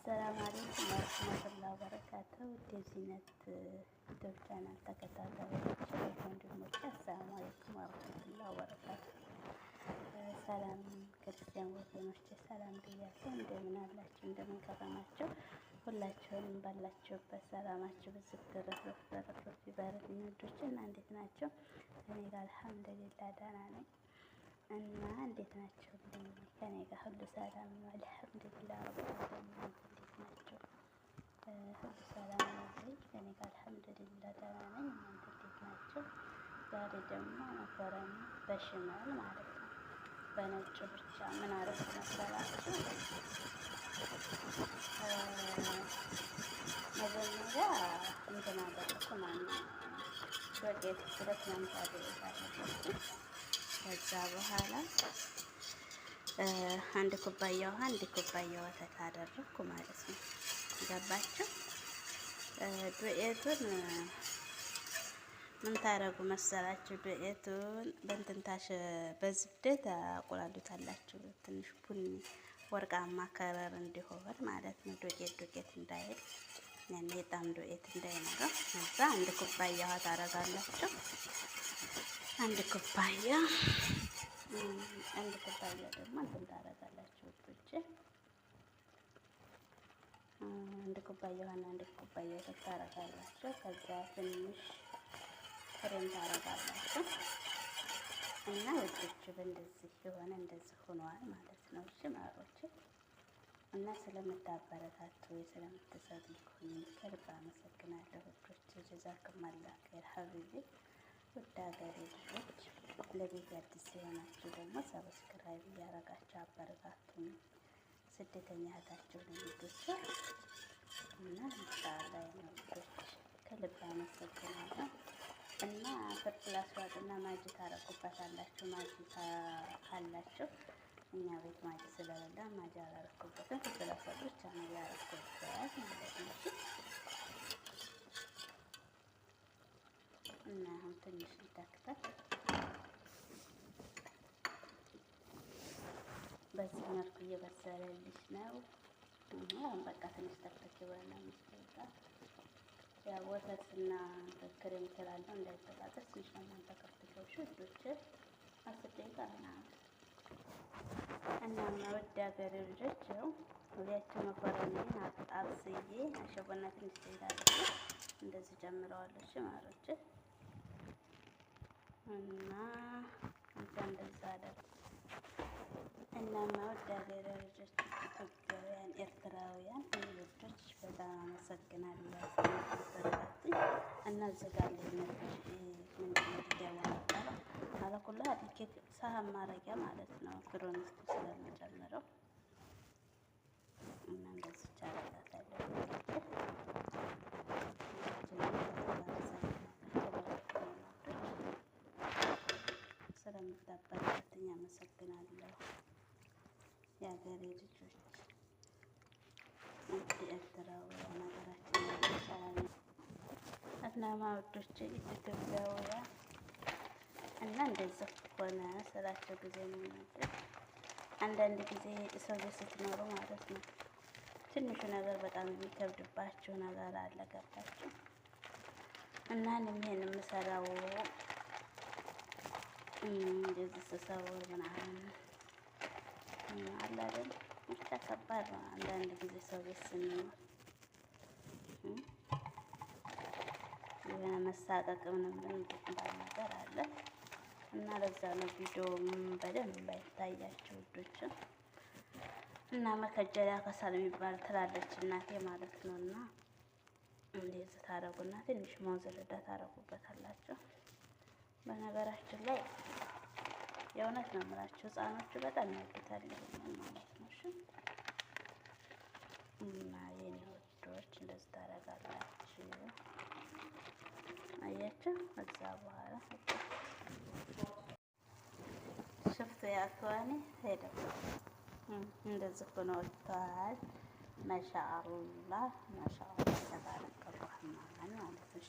አሰላም አለይኩም ወረህመቱላሂ ወበረካቱህ። የዚህነት ዩቲዩብ ቻናል ተከታታዮች ወንድሞች አሰላም አለይኩም ወረህመቱላሂ ወበረካቱህ። ሰላም ክርስቲያን ወገኖች ሰላም ብያለሁ። እንደምን አላችሁ? እንደምን ከረማችሁ? ሁላችሁንም ባላችሁበት ሰላማችሁ ብዙ ትርፍርፍ ይበልልኝ። ወንዶች እና እንዴት ናቸው? እኔ ጋር አልሐምዱሊላህ ደህና ነኝ። እንዴት ናቸው? ከኔ ጋር ሁሉ ሰላም ነው አልሐምዱሊላህ። ረብና እንዴት ናቸው? ሁሉ ሰላም ነው ወይ? ከኔ ጋር አልሐምዱሊላህ ደህና ነኝ። እናንተ እንዴት ናቸው? ዛሬ ደግሞ መኮረኒ በሽመል ማለት ነው በነጩ ብቻ ምን አረፍ መሰላችሁ? መጀመሪያ እንትን አደረኩ ማለት ነው ዱቄት ሁለት ማንኪያ ዱቄት አደረኩ ከዛ በኋላ አንድ ኩባያ ውሃ፣ አንድ ኩባያ ወተት አደረግኩ ማለት ነው። ገባችሁ? ዱኤቱን ምን ታረጉ መሰላችሁ? ዱኤቱን በእንትንታሽ በዝብደ ታቆላሉታላችሁ። ትንሽ ቡኒ ወርቃማ ከረር እንዲሆን ማለት ነው። ዱቄት ዱቄት እንዳይል ያኔ ጣም ዱቄት እንዳይኖረው። ከዛ አንድ ኩባያ ውሃ ታረጋላችሁ አንድ ኩባያ አንድ ኩባያ ደግሞ እንትን ታደርጋላችሁ ውዶቼ። አንድ ኩባያ ውሃና አንድ ኩባያ ወተት ታደርጋላችሁ። ከዛ ትንሽ ክሬም ታደርጋላችሁ እና ውዶች እንደዚህ የሆነ እንደዚህ ሆኗል ማለት ነው። እሺ ማሮች እና ስለምታበረታቱ ስለምትሰጡ ከልብ አመሰግናለሁ ውዶች። ጀዛኩም አላህ ኸይር ሀቢቢ ውድ ሀገሬ ልጆች ለቤት አዲስ የሆናችሁ ደግሞ ሰብስክራይብ እያረጋችሁ አበረታቱን። ስደተኛ እህታችሁ ልጆች እና እንሻላ ልጆች ከልብ አመሰግናለሁ። እና ፍርድ ላስዋጥና ማጅ ታረጉበታላችሁ። ማጅ ካላችሁ እኛ ቤት ማጅ ስለሌለ ማጅ አላረኩበትም። ፍርድ ላስዋጥ ብቻ ነው ያረኩበት ማለት ነው። እና አሁን ትንሽ ልታክተት በዚህ መልኩ እየበሰለልሽ ነው። አሁን በቃ ትንሽ ተክተክ ይበላ መስጠጣ ያ ወተትና ክሬም ስላለው እንዳይጠጣጠስ ትንሽ ለማን ተከፍትቶሽ ውዶች አስር ደቂቃ ምናምን እና ወደ ሀገር ልጆች ው ሁሌያቸው መኮረኒን አጣብስዬ አሸቦና ትንሽ ደቂቃ እንደዚህ ጀምረዋለች ማሮች እና እዛ እንደዛ አደረኩ። እናማ ወደ ሀገሬ ልጆች ኢትዮጵያውያን፣ ኤርትራውያን ልጆች በጣም አመሰግናለሁ። በረታት እና ዝጋለ አለኩላ አድርጌ ሳህን ማረጊያ ማለት ነው። ክሮኒስቱ ስለምጨምረው ስለምታበረታቱኝ አመሰግናለሁ። የሀገሬ ልጆች እንቅ ኤርትራውያን ሀገራችን ሰላም እና ማወዶች ኢትዮጵያውያን እና እንደዚህ ሆነ ስላቸው ጊዜ ነው የሚመጡት። አንዳንድ ጊዜ ሰው ቤት ስትኖሩ ማለት ነው ትንሹ ነገር በጣም የሚከብድባችሁ ነገር አለ። ገባችሁ እና እኔም ይሄን የምሰራው እንደዚህ ስሰውር ምናምን አለ አይደል? ብቻ ከባድ ነው አንዳንድ ጊዜ ሰው ቤት ስንኖር የሆነ መሳቀቅ ምናምን ባል ነገር አለ እና ለዛ ነው ቪዲዮ በደንብ ባይታያችሁ ውዶችን እና መከጀሪያ ከሰል የሚባል ትላለች እናቴ ማለት ነው። እና እንደዚህ ታደርጉና ትንሽ ሞዝ ረዳ ታደርጉበታላችሁ። በነገራችን ላይ የእውነት ነው የምላቸው ህፃኖቹ በጣም ያውቁታል ማለት ነው። እሺ እና የኔ ወዶች እንደዚህ ታደርጋላችሁ። አያችሁ፣ እዛ በኋላ ሽፍቱ ያቷኒ ሄደ። እንደዚህ ሆኖ ወጥቷል። ማሻአላ ማሻአላ ተባረከ ራህማን ማለት ነው። እሺ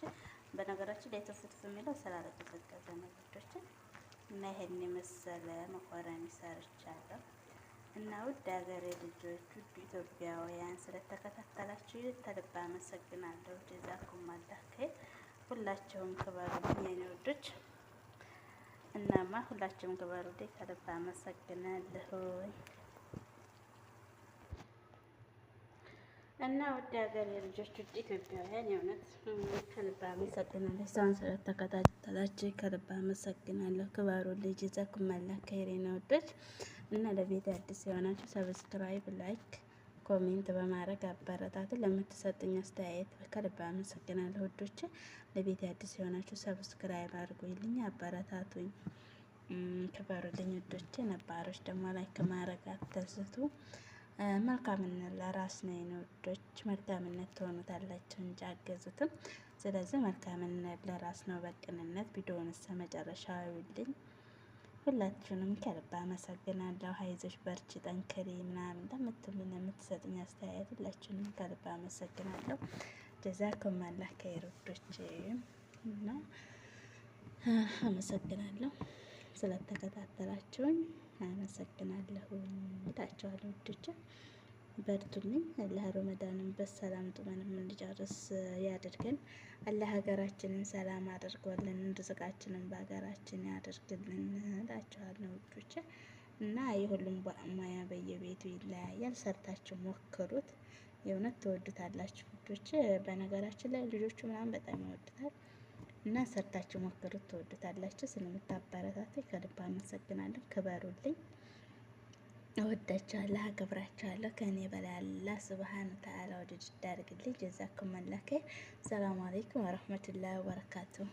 በነገራችን ላይ ተፍትፍ የሚለው ስላለ ነው ወዶችን እና ይሄን የመሰለ መኮረኒ ሰርቻለሁ። እና ውድ ሀገሬ ልጆች፣ ውድ ኢትዮጵያውያን ስለተከታተላችሁ ተልባ አመሰግናለሁ። ጀዛኩም አላህ ሁላችሁም ክበሩ የኔ ውዶች። እናማ ሁላችሁም ክበሩ ተልባ አመሰግናለሁ። እና ወደ ሀገር የልጆች ውድ ኢትዮጵያውያን የእውነት ከልብ አመሰግናለሁ። እስካሁን ስለተከታተላችሁ ከልብ አመሰግናለሁ። ክባሩ ልጅ ዘኩመላ ከይሬና ውዶች እና ለቤት አዲስ የሆናችሁ ሰብስክራይብ፣ ላይክ፣ ኮሜንት በማድረግ አበረታት። ለምትሰጥኝ አስተያየት ከልብ አመሰግናለሁ ወዶች ለቤት አዲስ የሆናችሁ ሰብስክራይብ አድርጉልኝ፣ አበረታቱኝ፣ ክበሩልኝ ወዶች፣ ነባሮች ደግሞ ላይክ ማድረግ አትርስቱ። መልካምነት ለራስ ነው። የነወዶች መልካምነት ትሆኑታላችሁ እንጂ አገዙትም። ስለዚህ መልካምነት ለራስ ነው። በቅንነት ቪዲዮውን እስከ መጨረሻ ይውልኝ። ሁላችሁንም ከልብ አመሰግናለሁ። ሀይዞች በርቺ፣ ጠንክሪ ምናምን ለምትሉኝ የምትሰጥኝ አስተያየት ሁላችሁንም ከልብ አመሰግናለሁ። ጀዛኩም አላህ ከይር ውዶች እና አመሰግናለሁ ስለተከታተላችሁኝ። አመሰግናለሁ እላቸዋለሁ። ውዶቼ በርቱልኝ። አላህ ረመዳንን በሰላም ጥመን እንድንጨርስ ያድርገን። አላህ ሀገራችንን ሰላም አድርጎልን ርዝቃችንን በሀገራችን ያድርግልን እላቸዋለሁ ውዶቼ እና የሁሉም ሙያ በየቤቱ ይለያያል። ሰርታችሁ ሞክሩት፣ የእውነት ትወዱታላችሁ ውዶቼ። በነገራችን ላይ ልጆቹ ምናምን በጣም ይወዱታል። እና ሰርታችሁ ሞክሩት፣ ትወዱታላችሁ። ስለምታበረታታኝ ከልብ አመሰግናለሁ። ክበሩልኝ። እወዳችኋለሁ፣ አከብራችኋለሁ። ከእኔ በላይ አላህ ስብሃነ ተዓላ ወደ ድዳ አድርግልኝ። ጀዛኩም አላህ ኸይር። ሰላም አለይኩም ወረህመቱላሂ ወበረካቱሁ።